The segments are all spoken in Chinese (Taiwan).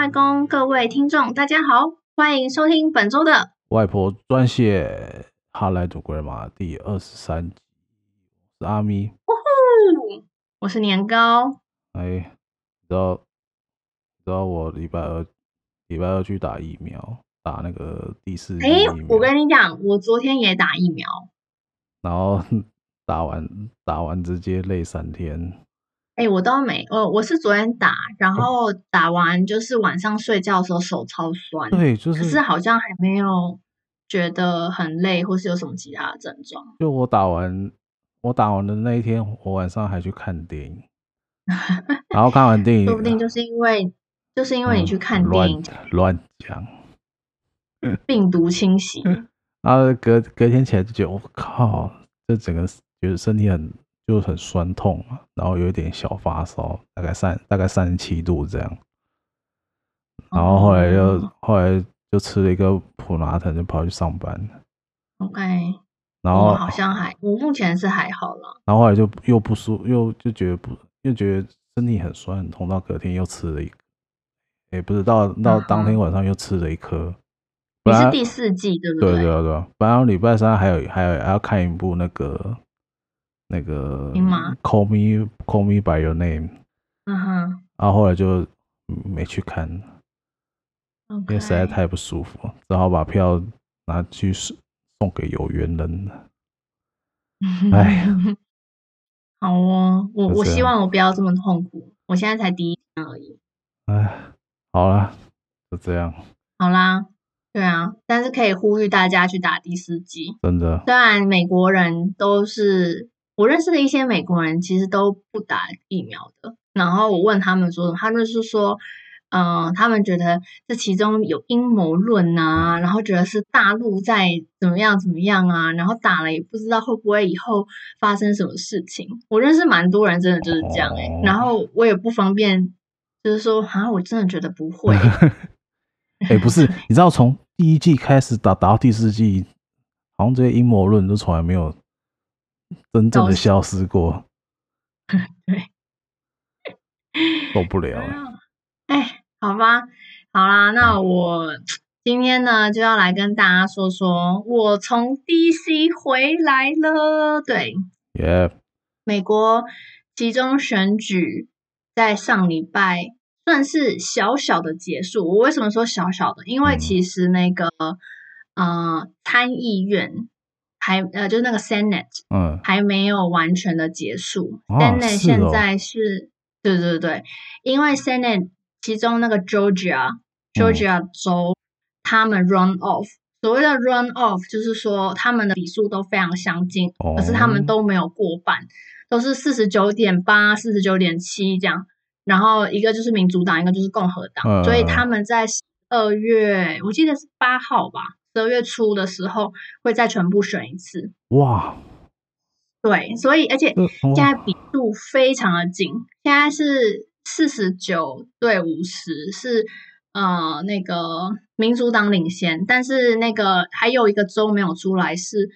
外公，各位聽眾，大家好，歡迎收聽本周的外婆專線 Hotline to Grandma 第二十三集。我是阿咪。哦，我是年糕。哎，知道知道我禮拜二禮拜二去打疫苗，打那個第四。哎，我跟你講，我昨天也打疫苗，然後打完打完直接累三天。哎、欸，我倒沒，我、哦、我是昨天打，然後打完就是晚上睡覺的時候手超酸，對，就是，可是好像還沒有覺得很累，或是有什麼其他的症狀。就我打完，我打完的那一天，我晚上還去看電影， 然後看完電影，說不定就是因為，就是因為你去看電影，嗯、亂，亂講，病毒侵襲， 然後隔隔天起來就覺得我靠，這整個就是身體很。就很酸痛嘛，然後有一點小發燒，大概三大概三十七度這樣，然後後來又、okay. 後來就吃了一個普拿疼，就跑去上班。OK，然後好像還我目前是還好了。然後後來就又不舒服，又就覺得不又覺得身體很酸很痛，到隔天又吃了一個，也、欸、不是到到當天晚上又吃了一顆、啊。你是第四季對不對？對對對，本來禮拜三還有還有還要看一部那個。那個《Call Me Call Me By Your Name》，嗯哼，啊，後來就沒去看，okay. 因為實在太不舒服，只好把票拿去送送給有緣人了。哎， 好哦，我我希望我不要這麼痛苦，我現在才第一天而已。哎，好了，就這樣。好啦，對啊，但是可以呼籲大家去打第四劑。真的。雖然美國人都是。我認識的一些美國人其實都不打疫苗的，然後我問他們說，他們是說，嗯、呃，他們覺得這其中有陰謀論啊，然後覺得是大陸在怎麼樣怎麼樣啊，然後打了也不知道會不會以後發生什麼事情。我認識蠻多人，真的就是這樣哎、欸哦。然後我也不方便，就是說，哈、啊，我真的覺得不會。誒 、欸、不是， 你知道從第一季開始打打到第四季，好像這些陰謀論都從來沒有真正的消失過， 對，受不了了。哎， 好吧，好啦，那我今天呢就要來跟大家說說我從 DC 回來了。對，耶、yeah.！美國期中選舉在上禮拜算是小小的結束。我為什麼說小小的？因為其實那個，嗯、呃參議院。還呃，就是那個 Senate，嗯，還沒有完全的結束。啊、Senate 現在是，是哦，對對對，因為 Senate 其中那個 Georgia，Georgia，嗯、Georgia 州，他們 run off，所謂的 run off 就是說他們的比數都非常相近，哦，可是他們都沒有過半，都是四十九點八、四十九點七這樣。然後一個就是民主黨，一個就是共和黨，嗯，所以他們在十二月，我記得是八號吧。十二月初的時候會再全部選一次。哇！對，所以而且現在比數非常的近，現在是四十九對五十，是呃那個民主黨領先。但是那個還有一個州沒有出來是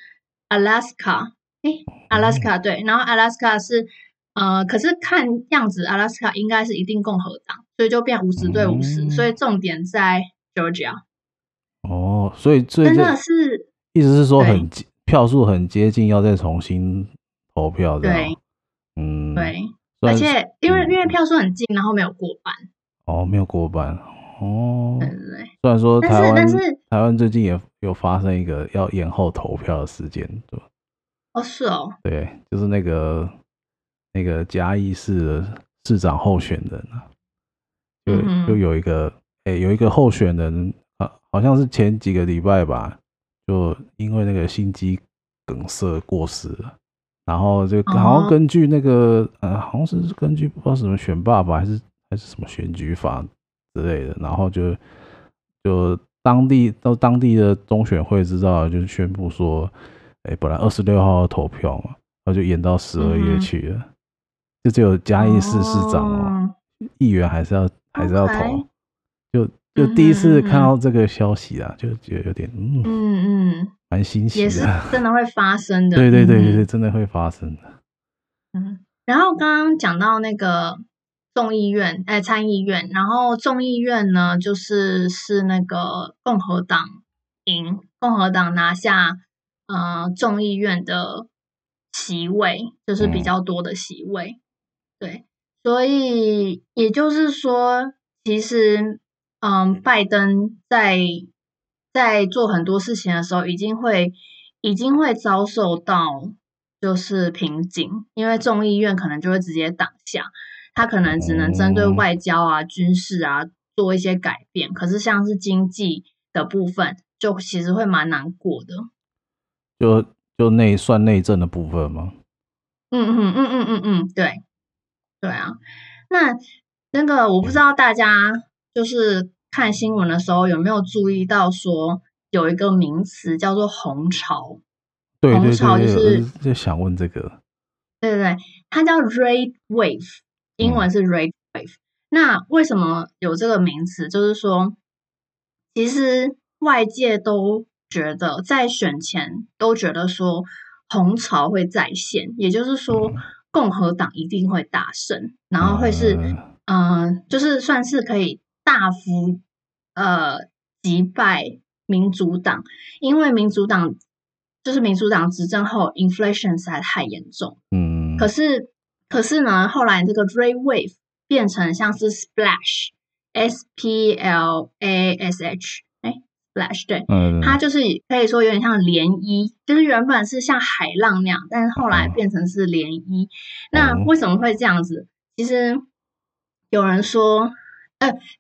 Alaska 誒。誒，Alaska 對，然後 Alaska 是呃，可是看樣子 Alaska 應該是一定共和黨，所以就變五十對五十，嗯，所以重點在 Georgia。哦，所以最真的是，意思是說很票數很接近，要再重新投票，對對，嗯，對。而且因為、嗯、因為票數很近，然後沒有過半。哦，沒有過半，哦。對對，對雖然說台，但是但是台灣最近也有發生一個要延後投票的時間，對吧？哦，是哦。對，就是那個那個嘉義市的市長候選人、嗯、就就有一個哎、欸，有一個候選人。啊，好像是前幾個禮拜吧，就因為那個心肌梗塞過世了，然後就好像根據那個，嗯、uh -huh. 啊，好像是根據不知道什麼選罷法還是還是什麼選舉法之類的，然後就就當地到當地的中選會知道了，就宣布說，哎、欸，本來二十六號要投票嘛，那就延到十二月去了，uh -huh. 就只有嘉義市市長哦，uh -oh. 議員還是要還是要投，okay. 就。就第一次看到這個消息啊，嗯嗯嗯嗯，就覺得有點嗯嗯嗯，蠻新奇的，也是真的會發生的。 對對對，也是真的會發生的。嗯，嗯，然後剛剛講到那個眾議院，哎參議院，然後眾議院呢，就是是那個共和黨贏，共和黨拿下呃眾議院的席位，就是比較多的席位。嗯、對，所以也就是說，其實。嗯，拜登在在做很多事情的時候，已經會已經會遭受到就是瓶頸，因為眾議院可能就會直接擋下，他可能只能針對外交啊、嗯、軍事啊做一些改變。可是像是經濟的部分，就其實會蠻難過的。就就內算內政的部分嗎？嗯嗯嗯嗯嗯嗯，對對啊，那那個我不知道大家。嗯就是看新聞的時候，有沒有注意到說有一個名詞叫做“紅潮”？對，對，對，對紅潮就是就想問這個。對對對，它叫 “Red Wave”，英文是 “Red Wave”，嗯。那為什麼有這個名詞？就是說，其實外界都覺得在選前都覺得說紅潮會再現，也就是說共和黨一定會大勝，嗯、然後會是嗯、呃，就是算是可以。大幅呃擊敗民主黨，因為民主黨就是民主黨執政後 inflation 實在太嚴重，嗯，可是可是呢，後來這個 red wave 變成像是 splash s p l a s h，哎、欸，splash 對，嗯對，它就是可以說有點像漣漪，就是原本是像海浪那樣，但是後來變成是漣漪。哦，那為什麼會這樣子？其實有人說。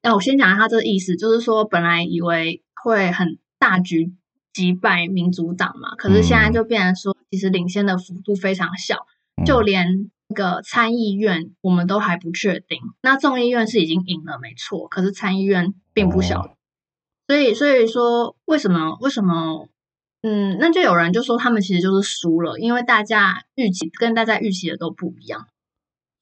那、欸、我先講一下這個意思，就是說本來以為會很大局擊敗民主黨嘛，可是現在就變成說，其實領先的幅度非常小，嗯，就連那個參議院我們都還不確定。那眾議院是已經贏了，沒錯，可是參議院並不小。哦、所以，所以說為什麼？為什麼？嗯，那就有人就說他們其實就是輸了，因為大家預期跟大家預期的都不一樣。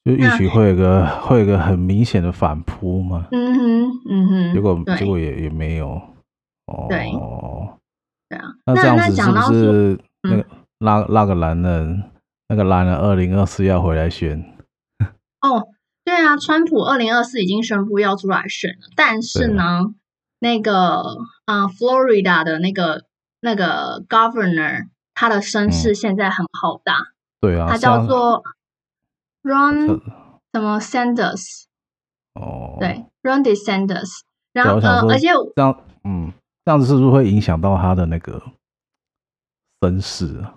就一起會有一個會有一個很明顯的反撲嘛，嗯哼，嗯哼，結果結果也也沒有。對哦，對，對啊那。那這樣子是不是那個那那、嗯、個男人，那個男人二零二四要回來選？哦，對啊，川普二零二四已經宣布要出來選了。但是呢，啊、那個啊、呃、Florida 的那個那個 Governor，他的聲勢現在很浩大、嗯。對啊，他叫做。Ron 什麼 Sanders 哦、oh.，對 Ron DeSantis，然後而且我這樣嗯，這樣子是不是會影響到他的那個身世啊？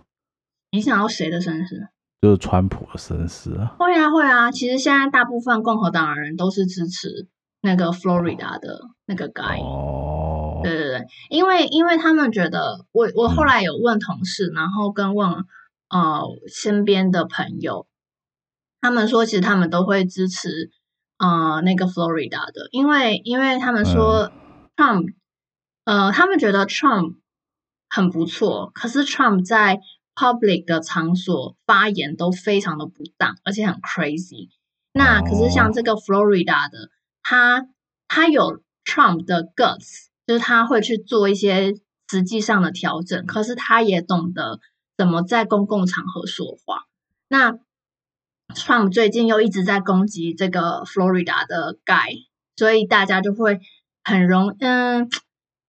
影響到誰的身世？就是川普的身世啊！會啊會啊！其實現在大部分共和黨的人都是支持那個 Florida 的那個 guy。哦，對對對，因為因為他們覺得我我後來有問同事，嗯、然後跟問呃身邊的朋友。他們說，其實他們都會支持啊、呃，那個 Florida 的，因為因為他們說，Trump、嗯、呃，他們覺得 Trump 很不錯，可是 Trump 在 public 的場所發言都非常的不當，而且很 crazy。那可是像這個 Florida 的，他他有 Trump 的 guts，就是他會去做一些實際上的調整，可是他也懂得怎麼在公共場合說話。那 Trump 最近又一直在攻擊這個 Florida 的 guy，所以大家就會很容，嗯，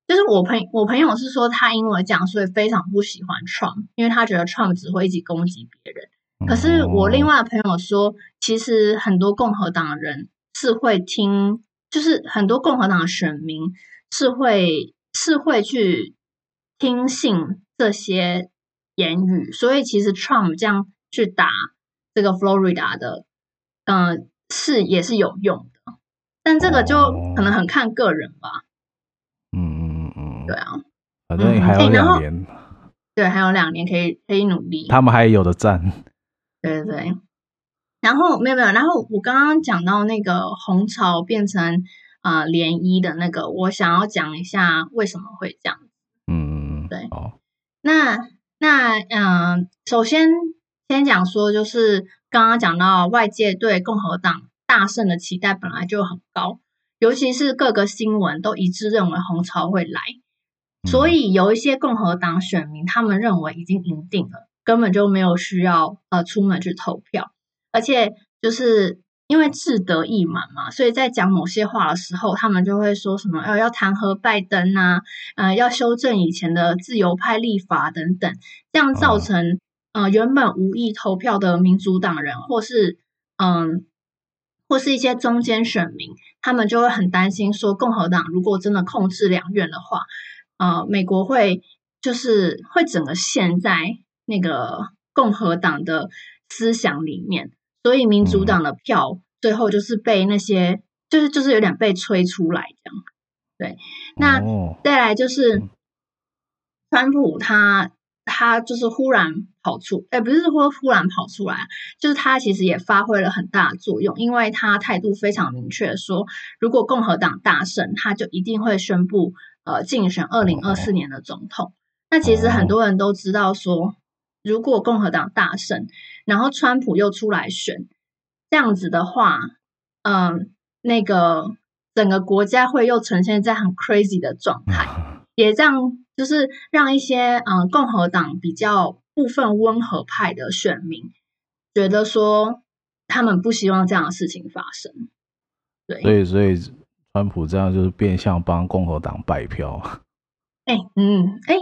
就是我朋友我朋友是說他因為這樣，所以非常不喜歡 Trump，因為他覺得 Trump 只會一直攻擊別人。可是我另外的朋友說，其實很多共和黨人是會聽，就是很多共和黨選民是會是會去聽信這些言語，所以其實 Trump 這樣去打，這個 Florida 的，嗯、呃，是也是有用的，但這個就可能很看個人吧。哦、嗯嗯嗯，對啊，反、嗯、正、嗯欸、還有兩年，對，還有兩年可以可以努力。他們還有的戰。對對對，然後沒有沒有，然後我剛剛講到那個紅潮變成啊、呃、漣漪的那個，我想要講一下為什麼會這樣。嗯嗯嗯，對哦。那那嗯、呃，首先。先講說，就是剛剛講到外界對共和黨大勝的期待本來就很高，尤其是各個新聞都一致認為紅潮會來，所以有一些共和黨選民他們認為已經贏定了，根本就沒有需要呃出門去投票，而且就是因為志得意滿嘛，所以在講某些話的時候，他們就會說什麼要、呃、要彈劾拜登啊，呃要修正以前的自由派立法等等，這樣造成。呃，原本無意投票的民主黨人，或是嗯、呃，或是一些中間選民，他們就會很擔心，說共和黨如果真的控制兩院的話，呃，美國會就是會整個陷在那個共和黨的思想裡面，所以民主黨的票最後就是被那些、嗯、就是就是有點被催出來這樣。對，那再來就是、哦、川普他。他就是忽然跑出，哎、欸，不是說忽然跑出來，就是他其實也發揮了很大作用，因為他態度非常明確說，說如果共和黨大勝，他就一定會宣布呃競選二零二四年的總統。那其實很多人都知道說，如果共和黨大勝，然後川普又出來選，這樣子的話，嗯、呃，那個整個國家會又呈現在很 crazy 的狀態，也讓。就是讓一些嗯、呃、共和黨比較部分溫和派的選民覺得說他們不希望這樣的事情發生，對，所以所以川普這樣就是變相幫共和黨敗票。哎、欸，嗯，哎、欸，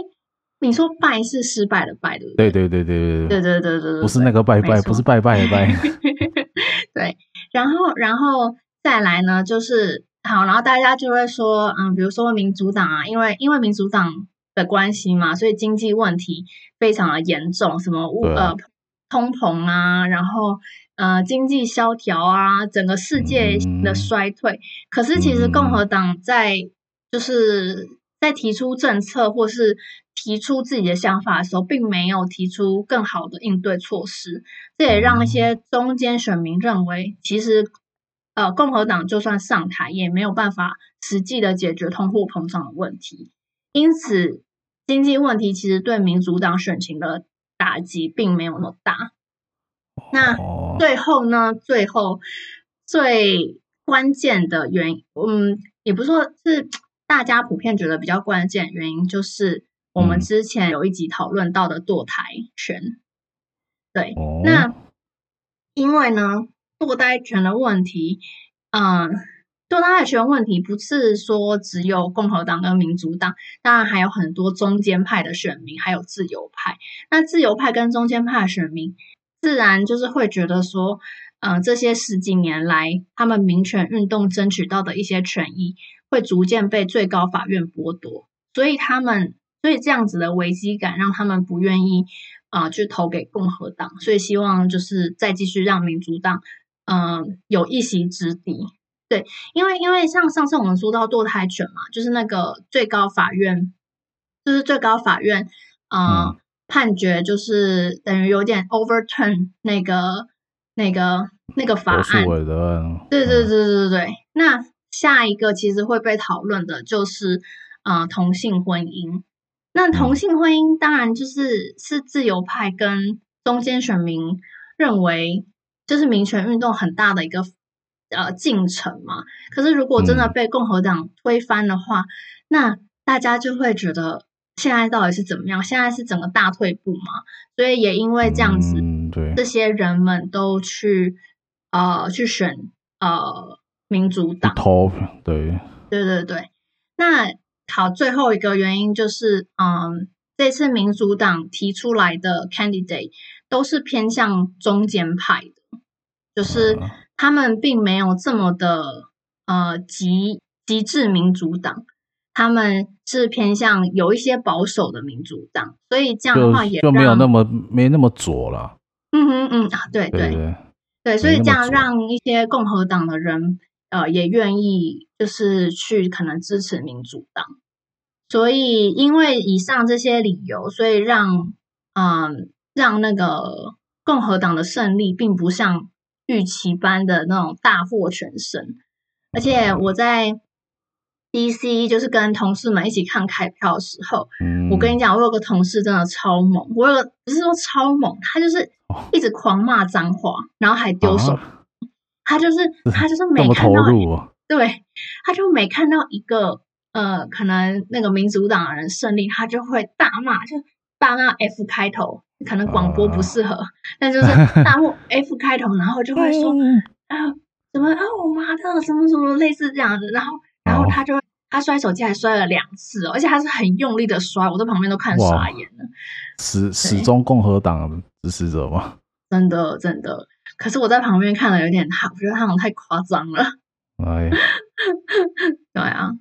你說“敗”是失敗的“敗對對”對對對對對，對對對對對，不是那個“拜拜”，不是“拜拜”的“拜” 對，然後然後再來呢，就是好，然後大家就會說，嗯，比如說民主黨啊，因為因為民主黨。的關係嘛，所以經濟問題非常的嚴重，什麼物呃通膨啊，然後呃經濟蕭條啊，整個世界的衰退。可是其實共和黨在就是在提出政策或是提出自己的想法的時候，並沒有提出更好的應對措施，這也讓一些中間選民認為，其實呃共和黨就算上台，也沒有辦法實際的解決通貨膨脹的問題。因此，經濟問題其實對民主黨選情的打擊並沒有那麼大。那最後呢？最後最關鍵的原因，嗯，也不說是大家普遍覺得比較關鍵的原因，就是我們之前有一集討論到的墮胎權、嗯。對，那因為呢，墮胎權的問題，嗯、呃。多他的選問題，不是說只有共和黨跟民主黨，當然還有很多中間派的選民，還有自由派。那自由派跟中間派的選民，自然就是會覺得說，嗯、呃，這些十幾年來他們民權運動爭取到的一些權益，會逐漸被最高法院剝奪，所以他們，所以這樣子的危機感，讓他們不願意啊、呃、去投給共和黨，所以希望就是再繼續讓民主黨，嗯、呃，有一席之地。對，因為因為像上次我們說到墮胎權嘛，就是那個最高法院，就是最高法院啊、呃嗯、判決，就是等於有點 overturn 那個那個那個法案，嗯。對對對對對，對、嗯、那下一個其實會被討論的就是，啊、呃、同性婚姻。那同性婚姻當然就是、嗯、是自由派跟中間選民認為，就是民權運動很大的一個。呃，進程嘛。可是如果真的被共和黨推翻的話、嗯，那大家就會覺得現在到底是怎麼樣？現在是整個大退步嘛，所以也因為這樣子，這些人們都去、嗯、呃去選呃民主黨。Top, 對對對對，那好，最後一個原因就是，嗯、呃，這次民主黨提出來的 candidate 都是偏向中間派的，就是。嗯他們並沒有這麼的呃極極致民主黨，他們是偏向有一些保守的民主黨，所以這樣的話也就，就沒有那麼沒那麼左了。嗯哼嗯啊、嗯，對對對，對，對，對，對，所以這樣讓一些共和黨的人呃也願意就是去可能支持民主黨，所以因為以上這些理由，所以讓嗯、呃、讓那個共和黨的勝利並不像預期般的那種大獲全勝，而且我在 DC 就是跟同事們一起看開票的時候、嗯，我跟你講，我有個同事真的超猛，我有個不是說超猛，他就是一直狂罵髒話、哦，然後還丟手，啊、他就是他就是沒看到投入、啊，對，他就每看到一個呃，可能那個民主黨的人勝利，他就會大罵就。大那 F 開頭，可能廣播不適合，uh, uh, 但就是大幕 F 開頭，然後就會說 啊，怎麼啊，我媽的，什麼什麼類似這樣子，然後然後他就、oh. 他摔手機，還摔了兩次、哦，而且他是很用力的摔，我在旁邊都看傻眼了。Wow. 始始終共和黨支持者嗎？真的真的，可是我在旁邊看了有點好，我覺得他們太誇張了。哎、uh. 對啊，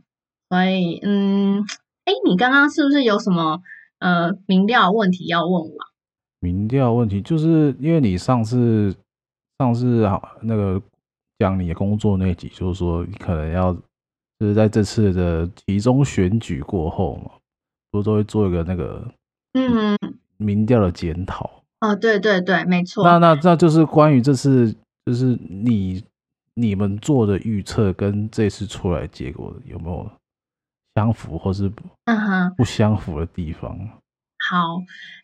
所以嗯，哎、欸，你剛剛是不是有什麼？呃，民調問題要問我？民調問題就是因為你上次上次，啊、那個講你的工作那集，就是說你可能要就是在這次的期中選舉過後嘛，不都會做一個那個嗯，嗯民調的檢討哦？對對對，沒錯、欸。那那那就是關於這次就是你你們做的預測跟這次出來結果有沒有？相符，或是不嗯哼不相符的地方。Uh -huh. 好，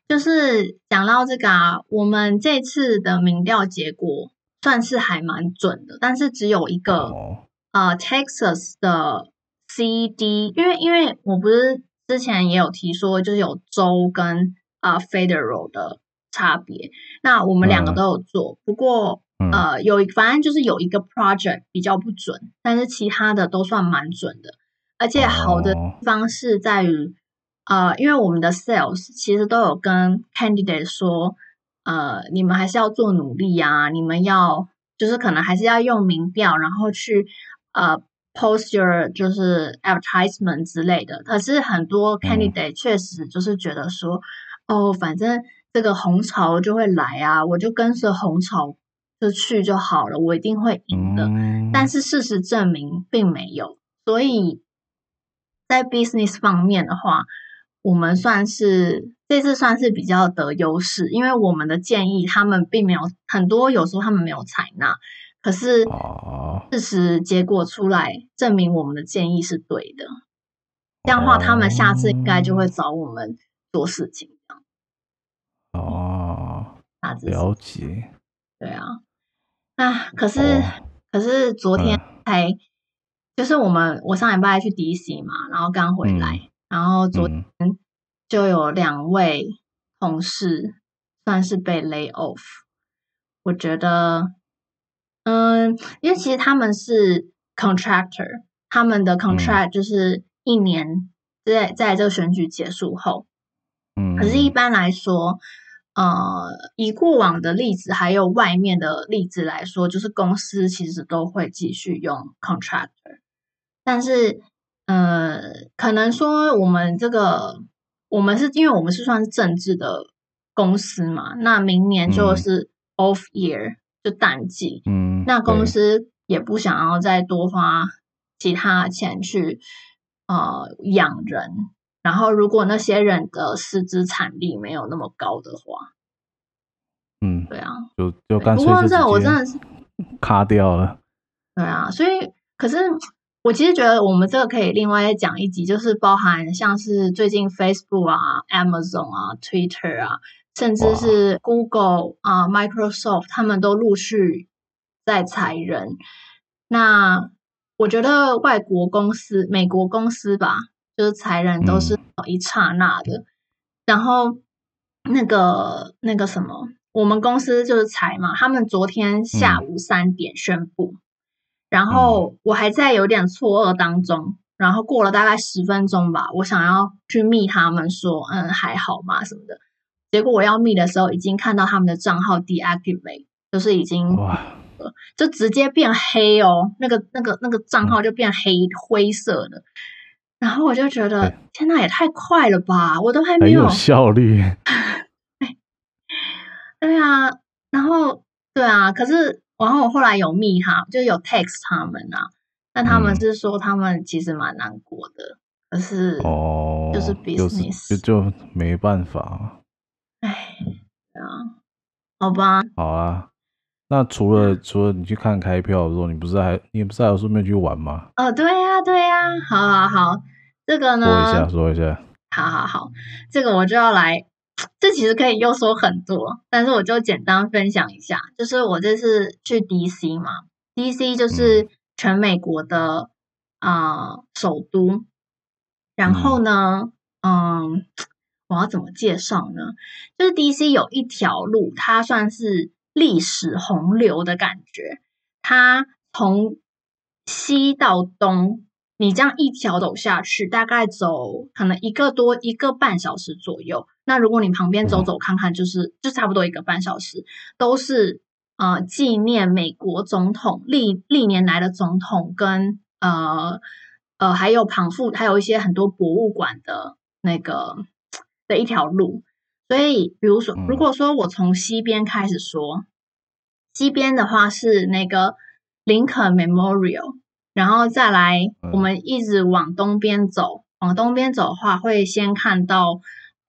就是講到這個啊，我們這次的民調結果算是還蠻準的，但是只有一個、oh. 呃 Texas 的 CD，因為因為我不是之前也有提說，就是有州跟啊、呃、Federal 的差別。那我們兩個都有做，uh. 不過呃有一，反正就是有一個 project 比較不準，但是其他的都算蠻準的。而且好的方式在於，oh. 呃，因為我們的 sales 其實都有跟 candidate 說，呃，你們還是要做努力啊，你們要就是可能還是要用民調，然後去呃 post your 就是 advertisement 之類的。可是很多 candidate 確實就是覺得說，mm. 哦，反正這個紅潮就會來啊，我就跟着紅潮就去就好了，我一定會贏的。Mm. 但是事實證明並沒有，所以。在 business 方面的話，我們算是這次算是比較得優勢，因為我們的建議他們並沒有很多，有時候他們沒有採納，可是事實結果出來證明我們的建議是對的，這樣的話他們下次應該就會找我們做事情。這樣哦，大致了解，對、嗯、啊，啊，可是可是昨天還就是我們，我上禮拜去 DC 嘛，然後剛回來、嗯，然後昨天就有兩位同事算是被 lay off。我覺得，嗯，因為其實他們是 contractor，他們的 contract 就是一年在、嗯、在這個選舉結束後，嗯，可是一般來說，呃，以過往的例子還有外面的例子來說，就是公司其實都會繼續用 contractor。但是，呃，可能說我們這個，我們是因為我們是算政治的公司嘛，那明年就是 off year、嗯、就淡季，嗯，那公司也不想要再多花其他錢去呃養人，然後如果那些人的師資產力沒有那麼高的話，嗯，對啊，就就乾脆。不過這我真的是卡掉了，對啊，所以可是。我其實覺得我們這個可以另外講一集，就是包含像是最近 Facebook 啊、Amazon 啊、Twitter 啊，甚至是 Google 啊、Microsoft，他們都陸續在裁人。那我覺得外國公司、美國公司吧，就是裁人都是一剎那的。嗯、然後那個那個什麼，我們公司就是裁嘛，他們昨天下午三點宣布。嗯然後我還在有點錯愕當中、嗯，然後過了大概十分鐘吧，我想要去密他們說，嗯，還好嘛什麼的。結果我要密的時候，已經看到他們的賬號 deactivate，就是已經、哇、呃、就直接變黑哦，那個那個那個賬號就變黑、嗯、灰色的。然後我就覺得，哎、天吶，也太快了吧！我都還沒有，還有效率。哎，對啊，然後對啊，可是。然後我後來有密他，就有 text 他們啊，但他們是說他們其實蠻難過的，可是，是哦，就是 business 就，就，就沒辦法，哎，對啊，好吧，好啊，那除了除了你去看開票的時候，你不是還你不是還要順便去玩嗎？呃、哦，對呀、啊，對呀、啊，好好好，這個呢，說一下，說一下，好好好，這個我就要來。這其實可以又說很多，但是我就簡單分享一下，就是我這次去 D.C. 嘛，D.C. 就是全美國的啊、呃、首都。然後呢，嗯，我要怎麼介紹呢？就是 D.C. 有一條路，它算是歷史洪流的感覺，它從西到東，你這樣一條走下去，大概走可能一個多一個半小時左右。那如果你旁邊走走看看，就是嗯，就是就差不多一個半小時，都是呃紀念美國總統歷歷年來的總統跟呃呃，還有旁附，還有一些很多博物館的那個的一條路。所以，比如說，如果說我從西邊開始說，嗯，西邊的話是那個林肯 Memorial，然後再來我們一直往東邊走，往東邊走的話會先看到。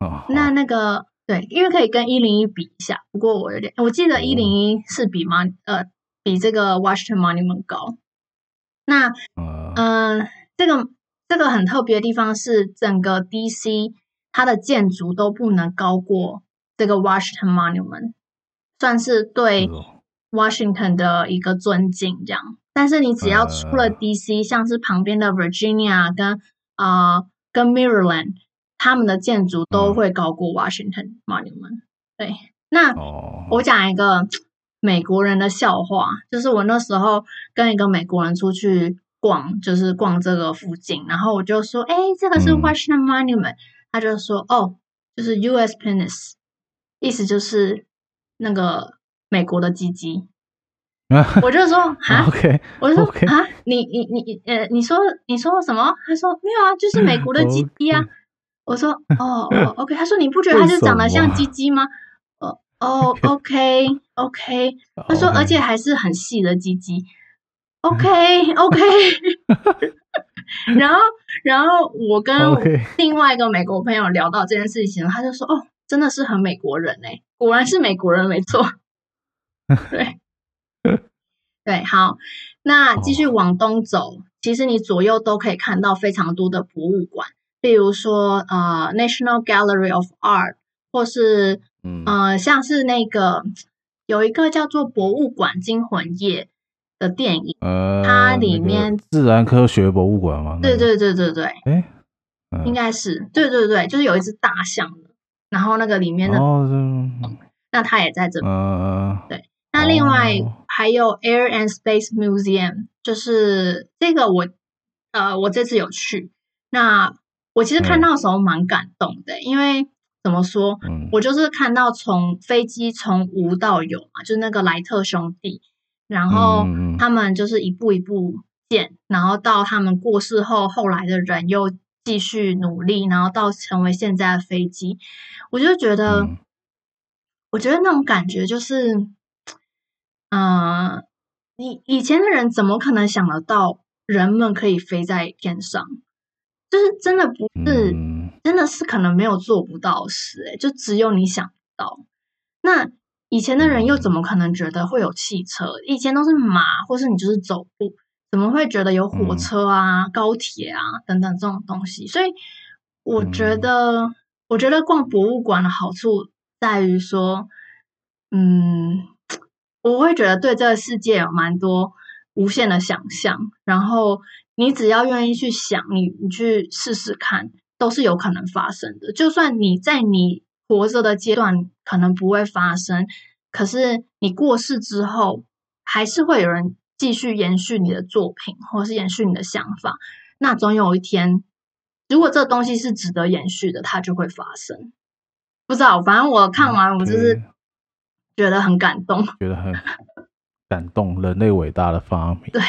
Oh, 那那個對，因為可以跟一零一比一下，不過我有點，我記得一零一是比 Mon、uh, 呃比這個 Washington Monument 高。那、uh, 嗯，這個這個很特別的地方是，整個 DC 它的建築都不能高過這個 Washington Monument，算是對 Washington 的一個尊敬這樣。但是你只要出了 DC，uh, 像是旁邊的 Virginia 跟啊、呃、跟 Maryland。他們的建築都會高過 Washington Monument 對，那我講一個美國人的笑話，就是我那時候跟一個美國人出去逛，就是逛這個附近，然後我就說：“哎、欸，這個是 Washington Monument。嗯」他就說：“哦，就是 U.S. Penis，意思就是那個美國的雞雞。 ”我就說：“啊 okay,OK，我就說啊，你你你呃，你說你說什麼？他說沒有啊，就是美國的雞雞啊。Okay. ”我說，哦哦，OK。他說，你不覺得他就長得像雞雞嗎？哦哦，OK OK。Okay. 他說而且還是很細的雞雞，OK OK。 然後然後我跟另外一個美國朋友聊到這件事情，okay. 他就說哦，真的是很美國人哎，果然是美國人沒錯。對 對，好，那繼續往東走，oh. 其實你左右都可以看到非常多的博物館。比如說，呃，National Gallery of Art，或是呃，像是那個有一個叫做《博物館驚魂夜》的電影，呃、它裡面、那個、自然科學博物館嗎、那個？對對對對對，欸、應該是對對對，就是有一隻大象，然後那個裡面的，哦哦、那它也在這邊、呃。對，那另外、哦、還有 Air and Space Museum，就是這個我呃，我這次有去那。我其實看到的時候蠻感動的，嗯、因為怎麼說，我就是看到從飛機從無到有嘛，就是那個萊特兄弟，然後他們就是一步一步建，嗯，然後到他們過世後，後來的人又繼續努力，然後到成為現在的飛機，我就覺得，嗯、我覺得那種感覺就是，嗯、呃，以以前的人怎麼可能想得到人們可以飛在天上？就是真的不是，真的是可能沒有做不到事，欸，就只有你想到。那以前的人又怎麼可能覺得會有汽車？以前都是馬，或是你就是走路，怎麼會覺得有火車啊、高鐵啊等等這種東西？所以我覺得，我覺得逛博物館的好處在於說，嗯，我會覺得對這個世界有蠻多無限的想象，然後。你只要願意去想，你你去試試看，都是有可能發生的。就算你在你活着的階段可能不會發生，可是你過世之後，還是會有人繼續延續你的作品，或是延續你的想法。那總有一天，如果這東西是值得延續的，它就會發生。不知道，反正我看完，我就是覺得很感動，嗯、 覺得很感動，人類偉大的發明。對。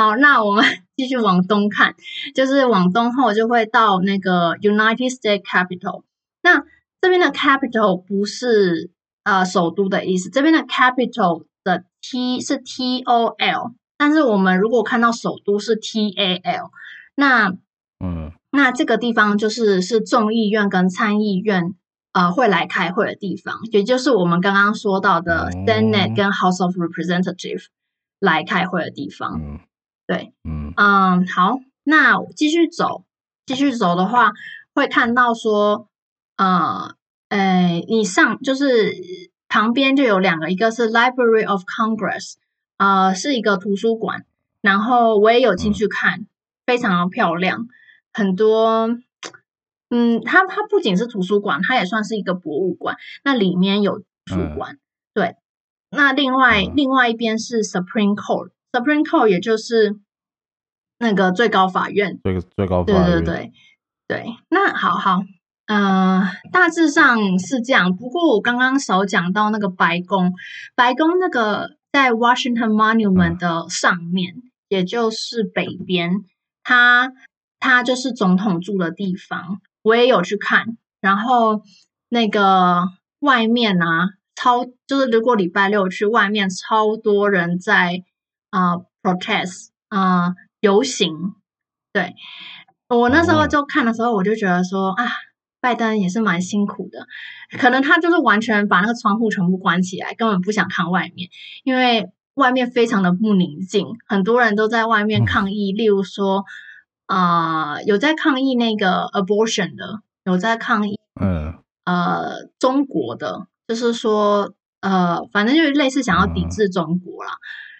好，那我們繼續往東看，就是往東後就會到那個 United States Capitol 那這邊的 Capitol 不是呃首都的意思，這邊的 Capitol 的 T 是 T O L，但是我們如果看到首都是 T A L，那嗯，那這個地方就是是眾議院跟參議院呃會來開會的地方，也就是我們剛剛說到的 Senate、哦、跟 House of Representatives 來開會的地方。嗯對，嗯，好，那繼續走，繼續走的話，會看到說，呃，哎，你上就是旁邊就有兩個，一個是 Library of Congress，呃，是一個圖書館，然後我也有進去看，嗯、非常漂亮，很多，嗯，它它不僅是圖書館，它也算是一個博物館，那裡面有圖書館，嗯，對，那另外、嗯、另外一邊是 Supreme Court。Supreme Court，也就是那個最高法院。最最高法院。對對對對，對，那好好，嗯、呃，大致上是這樣。不過我剛剛少講到那個白宮，白宮那個在 Washington Monument 的上面，嗯、也就是北邊，它它就是總統住的地方。我也有去看，然後那個外面啊，超就是如果禮拜六去外面，超多人在。啊、呃、，protest 啊、呃，遊行。對，我那時候就看的時候，我就覺得說、oh. 啊，拜登也是蠻辛苦的，可能他就是完全把那個窗戶全部關起來，根本不想看外面，因為外面非常的不寧靜，很多人都在外面抗議。例如說啊、呃，有在抗議那個 abortion 的，有在抗議，嗯、uh.，呃，中國的，就是說呃，反正就是類似想要抵制中國啦。Uh.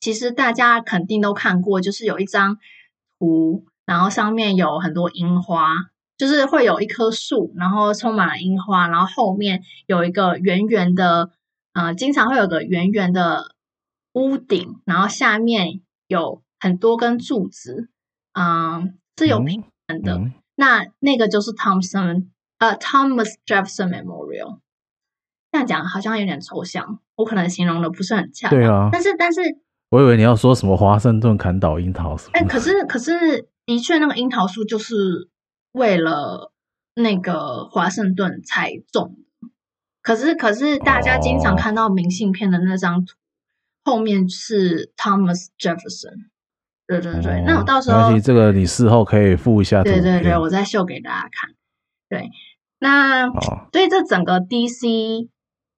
其實大家肯定都看過，就是有一張圖，然後上面有很多櫻花，就是會有一棵樹，然後充滿了櫻花，然後後面有一個圓圓的，呃，經常會有個圓圓的屋頂，然後下面有很多根柱子，啊、呃，是有平衡的、嗯嗯。那那個就是 Thompson，呃，Thomas Jefferson Memorial。這樣講好像有點抽象，我可能形容的不是很恰當。但是、對啊、但是。但是我以為你要說什麼華盛頓砍倒櫻桃樹。麼？哎、欸，可是可是的確，那個櫻桃樹就是為了那個華盛頓才種。可是可是大家經常看到明信片的那張圖，哦，後面是 Thomas Jefferson。對對對，哦、那我到時候，這個你事後可以附一下圖，對對對，我再秀給大家看。對，那、哦、對這整個 DC，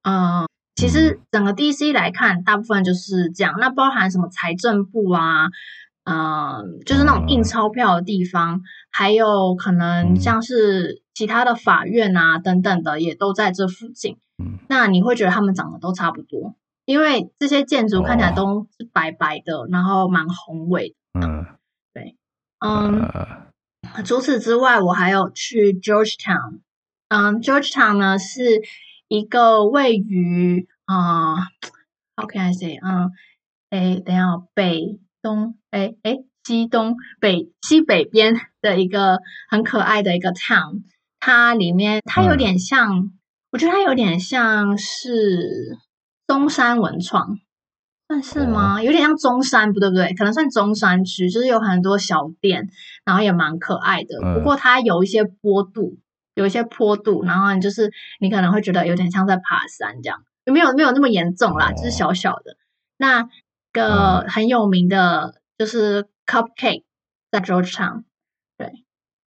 嗯。其實整個 DC 來看，大部分就是這樣。那包含什麼財政部啊，嗯、呃，就是那種印鈔票的地方，還有可能像是其他的法院啊等等的，也都在這附近。那你會覺得他們長得都差不多，因為這些建築看起來都是白白的，然後蠻宏偉的。嗯，對，嗯。除此之外，我還有去 Georgetown。嗯，Georgetown 呢是。一個位於啊 OK, I say？嗯，哎，等一下北東，哎哎，西東北西北邊的一個很可愛的一個 town，它裡面它有點像、嗯，我覺得它有點像是中山文創，算是嗎？有點像中山，不對不對，可能算中山區，就是有很多小店，然後也蠻可愛的，不過它有一些坡度。嗯有一些坡度，然後你就是你可能會覺得有點像在爬山這樣，沒有沒有那麼嚴重啦、哦，就是小小的。那個很有名的就是 cupcake、嗯、在 Georgetown，對，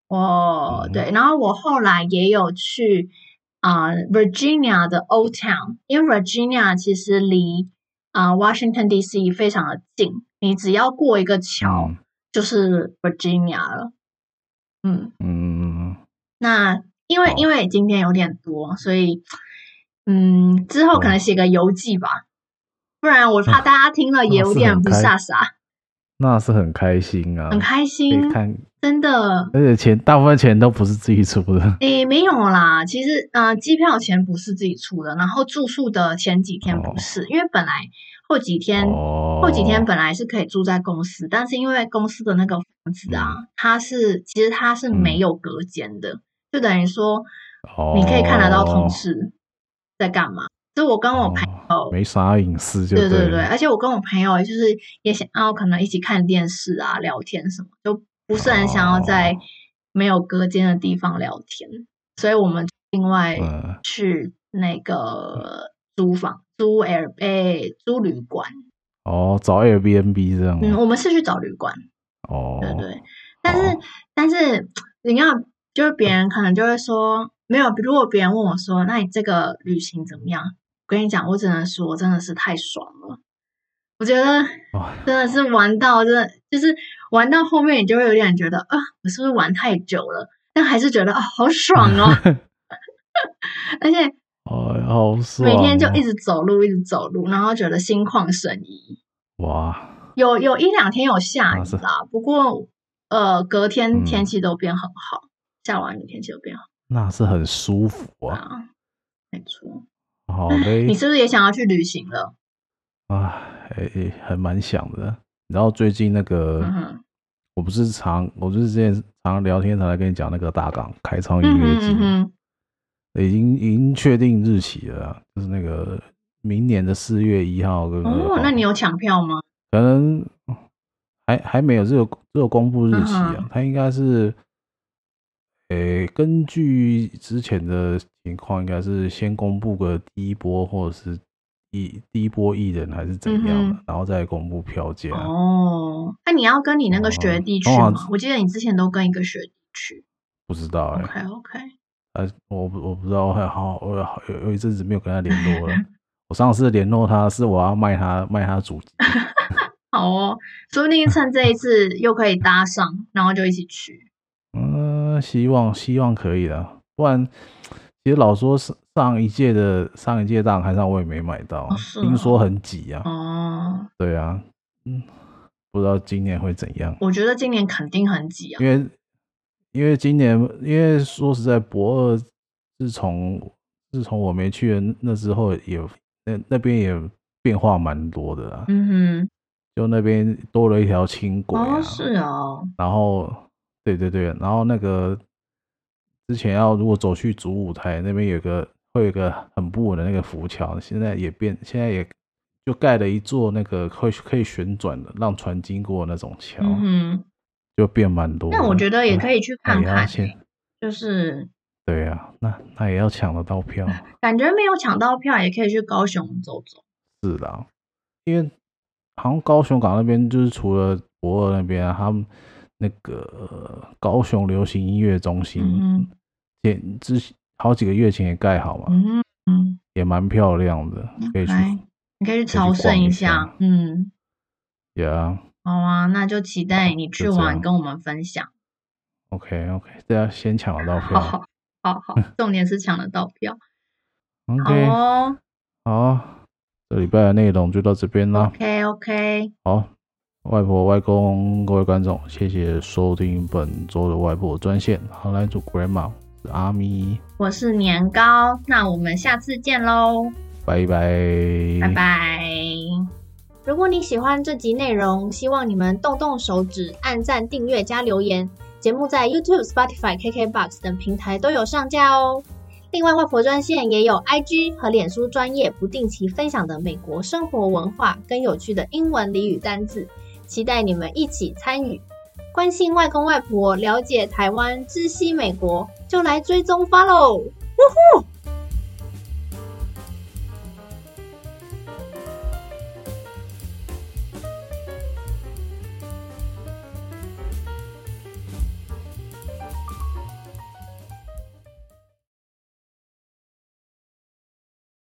哦、嗯、對。然後我後來也有去啊、呃、Virginia 的 Old Town，因為 Virginia 其實離啊、呃、Washington DC 非常的近，你只要過一個橋、嗯、就是 Virginia 了。嗯嗯，那。因為因為今天有點多，所以嗯，之後可能寫個遊記吧、哦，不然我怕大家聽了也有點不嚇傻，傻那是。那是很開心啊，很開心，看真的，而且錢大部分錢都不是自己出的。誒、欸，沒有啦，其實嗯、呃，機票錢不是自己出的，然後住宿的前幾天不是，哦、因為本來後幾天、哦、後幾天本來是可以住在公司，但是因為公司的那個房子啊，嗯、它是其實它是沒有隔間的。嗯就等於說，你可以看得到同事在幹嘛。Oh, 就我跟我朋友沒啥隱私，就、oh, 對對對,對。而且我跟我朋友，就是也想要可能一起看電視啊、聊天什麼，就不是很想要在沒有隔間的地方聊天。Oh. 所以我們另外去那個租房、uh. 租 Air B、租旅館。哦、oh,，找 Airbnb 這樣。嗯，我們是去找旅館。哦、oh.，對對。但是、oh. 但是你要。就是別人可能就會說沒有。比如果別人問我說：“那你這個旅行怎麼樣？”我跟你講，我只能說，我真的是太爽了。我覺得真的是玩到、哎、真的就是玩到後面，你就會有點覺得啊，我是不是玩太久了？但還是覺得啊，好爽哦、啊！哎呀好爽啊、 而且、哎、呀好爽、啊，每天就一直走路，一直走路，然後覺得心曠神怡。哇，有有一兩天有下雨啦、啊，不過呃，隔天天氣都變很好。嗯下完雨、啊、天氣有變好？那是很舒服啊，沒錯。好，你是不是也想要去旅行了？哎，還還蠻想的。然後最近那個、嗯，我不是常，我就是之前常聊天才來跟你講那個大港開唱音樂節、嗯嗯，已經已經確定日期了，就是那個明年的四月一號。哥、哦、那你有搶票嗎？可能還還沒有，這個只有公布日期啊，嗯、它應該是。欸、根據之前的情況，應該是先公布個第一波，或者是第一第一波藝人，還是怎樣的，嗯，然後再公布票價。哦，那、啊、你要跟你那個學弟去嗎？我、啊？我記得你之前都跟一個學弟去。不知道哎、欸。OK OK。欸、我我不知道，我還好我有有一陣子沒有跟他聯絡了。 我上次聯絡他是我要賣他賣他主機 好哦，說不定趁這一次又可以搭上， 然後就一起去。希望希望可以了，不然其實老說上一屆的上一屆大航上我也沒買到，啊哦啊，聽說很擠啊。哦，對啊，嗯，不知道今年會怎樣。我覺得今年肯定很擠啊，因為因為今年因為說實在博二是，自從自從我沒去的那之後也，也那那邊也變化蠻多的啦。嗯哼，就那邊多了一條輕軌啊，哦，是啊，然後。對對對，然後那個之前要如果走去主舞台那邊，有個會有個很不穩的那個浮橋，現在也變，現在也就蓋了一座那個會可以旋轉的讓船經過那種橋，嗯，就變蠻多。那我覺得也可以去看看，嗯、就是對啊，那那也要搶得到票，感覺沒有搶到票也可以去高雄走走，是的，因為好像高雄港那邊就是除了博爾那邊、啊、他們。那個高雄流行音樂中心，嗯、也之前好幾個月前也蓋好嘛，嗯，嗯，也蠻漂亮的，okay, 可以去，你可以去朝聖一,一下，嗯，也啊，好啊，那就期待你去玩，跟我們分享。OK，OK，、okay, okay, 大家先搶得到票好好，好好，重點是搶得到票。 OK，好、哦、好，這禮拜的內容就到這邊啦。OK，OK，、okay, okay、好。外婆、外公，各位觀眾，謝謝收聽本周的外婆專線。Hello，grandma，我是阿咪，我是年糕。那我們下次見嘍，拜拜，拜拜。如果你喜歡這集內容，希望你們動動手指，按讚、訂閱、加留言。節目在 YouTube、Spotify、KKBox 等平台都有上架哦。另外，外婆專線也有 IG 和臉書專業不定期分享的美國生活文化跟有趣的英文俚語單字。期待你們一起參與，關心外公外婆，了解台灣，知悉美國，就來追蹤 follow，嗚呼！